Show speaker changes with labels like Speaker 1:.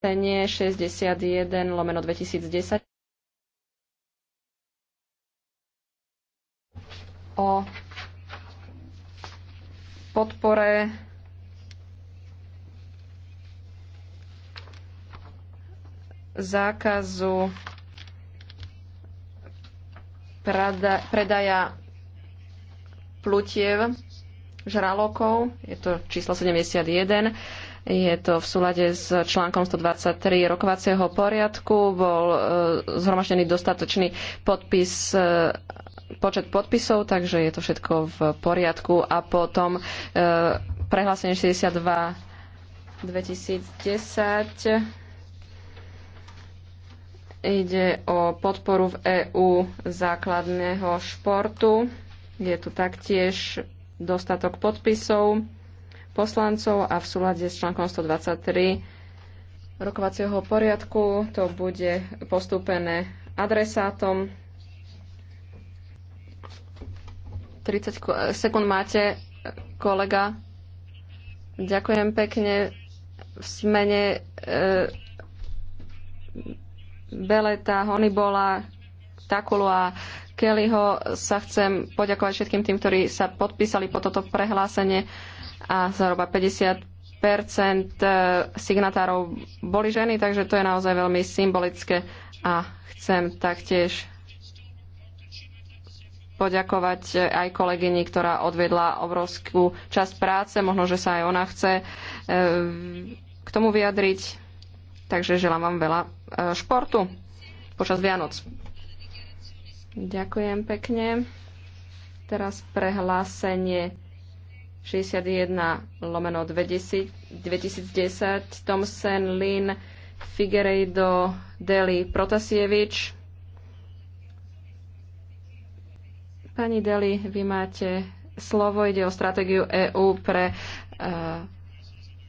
Speaker 1: cene 61 lomeno 2010 o podpore zákazu predaja plutiev žralokov, je to číslo 71, je to v súlade s článkom 123 rokovacieho poriadku. Bol e, zhromaždený dostatočný podpis e, počet podpisov, takže je to všetko v poriadku. A potom e, prehlásenie 62 2010 ide o podporu v EÚ základného športu. Je tu taktiež dostatok podpisov poslancov a v súlade s článkom 123 rokovacieho poriadku to bude postúpené adresátom. 30 sekúnd máte, kolega. Ďakujem pekne. V smene e, Beleta, Honibola, Takulu a Kellyho sa chcem poďakovať všetkým tým, ktorí sa podpísali po toto prehlásenie a zhruba 50 e, signatárov boli ženy, takže to je naozaj veľmi symbolické a chcem taktiež poďakovať e, aj kolegyni, ktorá odvedla obrovskú časť práce. Možno, že sa aj ona chce e, k tomu vyjadriť. Takže želám vám veľa športu počas Vianoc. Ďakujem pekne. Teraz prehlásenie 61 lomeno 2010 Tomsen Lin, Figueiredo, Deli, Protasievič. Pani Deli, vy máte slovo, ide o stratégiu EÚ pre uh,